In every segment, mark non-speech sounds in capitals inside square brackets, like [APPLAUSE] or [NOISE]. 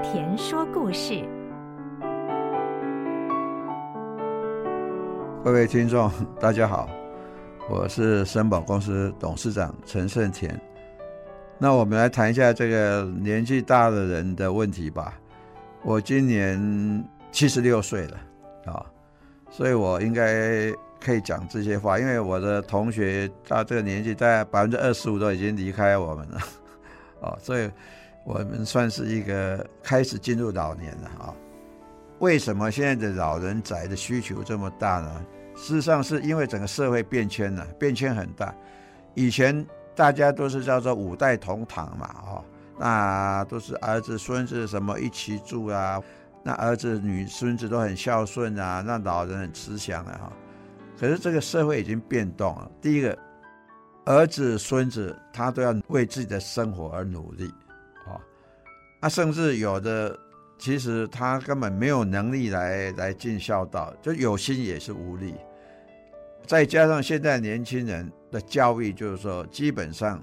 田說故事，各位聽眾，大家好，我是森寶公司董事長陳勝田。那我們來談一下這個年紀大的人的問題吧。我今年七十六歲了啊，所以我應該可以講這些話，因為我的同學到這個年紀大概百分之二十五都已經離開我們了啊，所以。我們算是一個開始進入老年了啊、哦，為什麼現在的老人宅的需求這麼大呢？事實上，是因為整個社會變遷了，變遷很大。以前大家都是叫做五代同堂嘛，哦，那都是兒子、孫子什麼一起住啊，那兒子、女、孫子都很孝順啊，那老人很慈祥啊。可是這個社會已經變動了，第一個，兒子、孫子他都要為自己的生活而努力。那、啊、甚至有的，其實他根本沒有能力來來盡孝道，就有心也是無力。再加上現在年輕人的教育，就是說基本上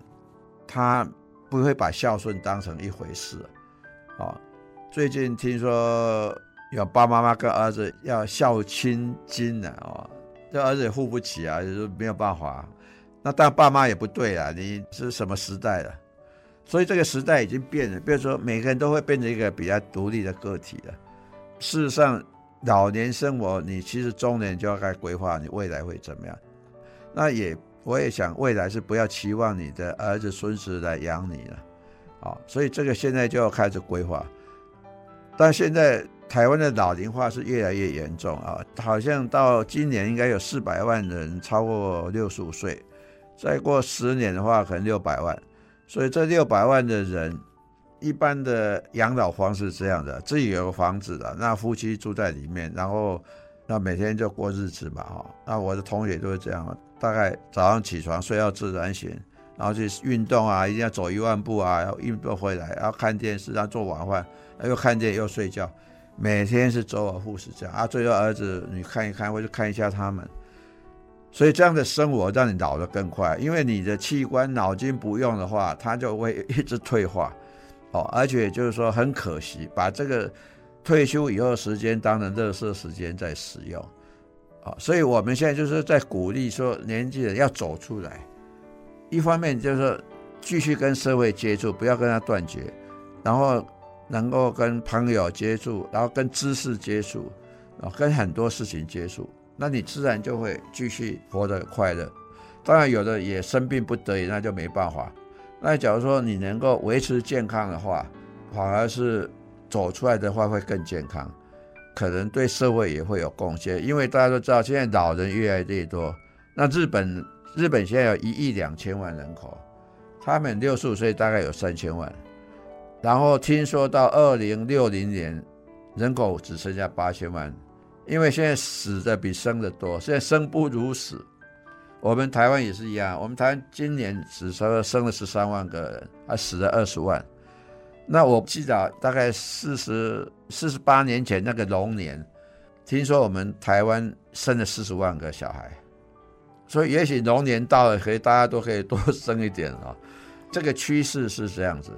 他不會把孝順當成一回事哦。最近聽說有爸媽媽跟兒子要孝親金的、啊、哦，這兒子也付不起啊，也就沒有辦法。那但爸媽也不對啊，你是什麼時代了，啊？所以這個時代已經變了，比如說每個人都會變成一個比較獨立的個體了。事實上，老年生活你其實中年就要開始規劃你未來會怎麼樣。那也我也想未來是不要期望你的兒子孫子來養你了，啊、哦，所以這個現在就要開始規劃。但現在台灣的老齡化是越來越嚴重啊、哦，好像到今年應該有四百萬人超過六十五歲，再過十年的話可能六百萬。所以這六百萬的人，一般的養老方式是這樣的：自己有個房子，的，那夫妻住在裡面，然後那每天就過日子嘛，哈。那我的同學都是這樣，大概早上起床睡到自然醒，然後去運動啊，一定要走一萬步啊，然後運動回來，然後看電視，然後做晚飯，然後又看電視又睡覺，每天是周而復始這樣啊。最後兒子，你看一看，或者看一下他們。所以這樣的生活讓你老得更快，因為你的器官、腦筋不用的話，它就會一直退化，哦，而且就是說很可惜，把這個退休以後的時間當成垃圾時間在使用，啊，所以我們現在就是在鼓勵說年紀人要走出來，一方面就是繼續跟社會接觸，不要跟他斷絕，然後能夠跟朋友接觸，然後跟知識接觸，啊，跟很多事情接觸。那你自然就會繼續活得快樂。當然，有的也生病不得已，那就沒辦法。那假如說你能夠維持健康的話，反而是走出來的話會更健康，可能對社會也會有貢獻。因為大家都知道，現在老人越來越多。那日本，日本現在有一億兩千萬人口，他們六十五歲大概有三千萬，然後聽說到二零六零年，人口只剩下八千萬。因為現在死的比生的多，現在生不如死。我們台灣也是一樣，我們台灣今年只說生了十三萬個人，還、啊、死了二十萬。那我記得大概四十四十八年前，那個龍年，聽說我們台灣生了四十萬個小孩。所以也許龍年到了，可以大家都可以多生一點啊、哦。這個趨勢是這樣子，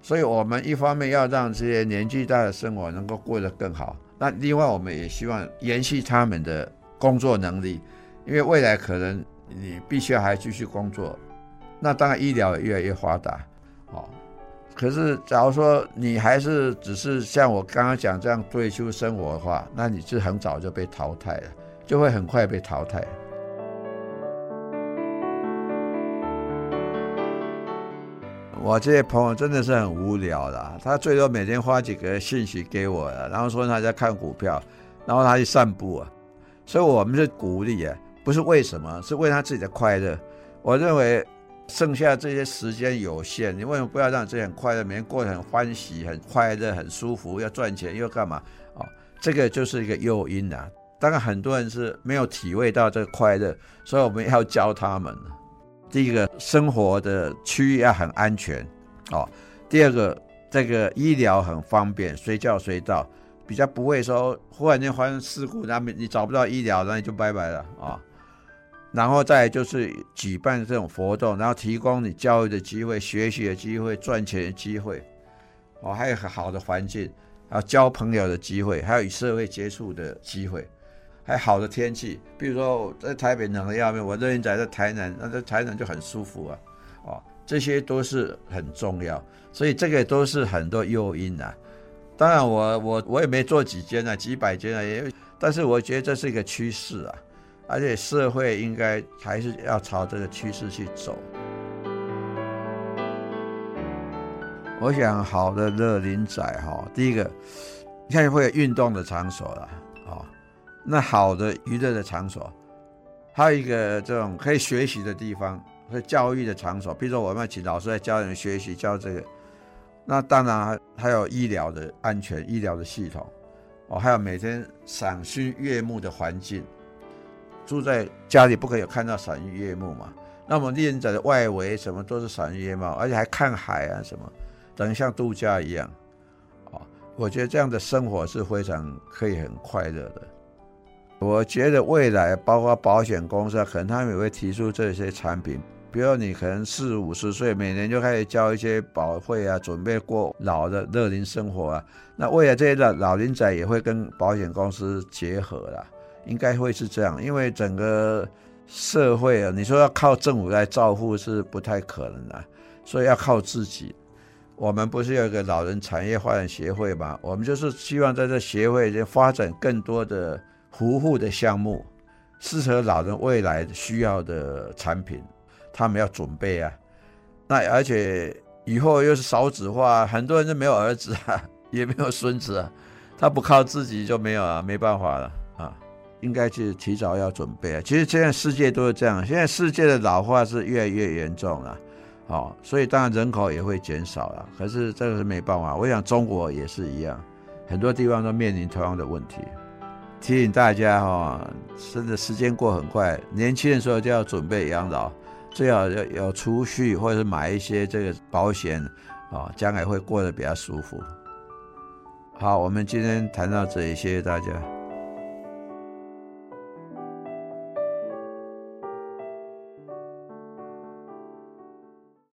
所以我們一方面要讓這些年紀大的生活能夠過得更好。那另外，我們也希望延續他們的工作能力，因為未來可能你必須還繼續工作。那當然，醫療越來越發達，哦，可是假如說你還是只是像我剛剛講這樣退休生活的話，那你是很早就被淘汰了，就會很快被淘汰。我這些朋友真的是很無聊的，他最多每天發幾個信息給我啦，然後說他在看股票，然後他去散步啊。所以我們是鼓勵啊，不是為什麼？是為他自己的快樂。我認為剩下這些時間有限，你為什麼不要讓這很快樂，每天過得很歡喜、很快樂、很舒服？要賺錢又幹嘛啊、哦？這個就是一個誘因啊。當然很多人是沒有體會到這個快樂，所以我們要教他們。第一個生活的區域要很安全，哦。第二個，這個醫療很方便，隨叫隨到，比較不會說忽然間發生事故，那你找不到醫療，那你就拜拜了啊、哦。然後再來就是舉辦這種活動，然後提供你教育的機會、學習的機會、賺錢的機會，哦，還有很好的環境，還有交朋友的機會，還有與社會接觸的機會。還好的天氣，比如說在台北冷得要命，我樂齡宅在台南，那在台南就很舒服啊，啊、哦，這些都是很重要，所以這個都是很多誘因啊。當然我，我我我也沒做幾間啊，幾百間啊，也，但是我覺得這是一個趨勢啊，而且社會應該還是要朝這個趨勢去走。 [MUSIC] 我想好的樂齡宅哈、哦，第一個，你看會有運動的場所了。那好的娛樂的場所，還有一個這種可以學習的地方，是教育的場所。比如說我們要請老師來教人學習教這個。那當然還有醫療的安全，醫療的系統哦，還有每天賞心悅目的環境。住在家裡不可以有看到賞心悅目嘛？那麼麗人在的外圍什麼都是賞心悅目，而且還看海啊什麼，等於像度假一樣。哦，我覺得這樣的生活是非常可以很快樂的。我覺得未來包括保險公司啊，可能他們也會提出這些產品，比如你可能四五十歲，每年就開始交一些保費啊，準備過老的樂齡生活啊。那未來這些老老人仔也會跟保險公司結合了，應該會是這樣，因為整個社會啊，你說要靠政府來照顧是不太可能的啊，所以要靠自己。我們不是有一個老人產業發展協會嗎？我們就是希望在這協會就發展更多的，服務的項目，適合老人未來需要的產品，他們要準備啊。那而且以後又是少子化，很多人就沒有兒子啊，也沒有孫子啊，他不靠自己就沒有了、啊，沒辦法了啊。應該去提早要準備啊。其實現在世界都是這樣，現在世界的老化是越來越嚴重了，好、啊，所以當然人口也會減少了。可是這個是沒辦法，我想中國也是一樣，很多地方都面臨同樣的問題。提醒大家哈，真的時間過很快，年輕的時候就要準備養老，最好要要儲蓄或者是買一些這個保險，啊，將來會過得比較舒服。好，我們今天談到這裡，謝謝大家。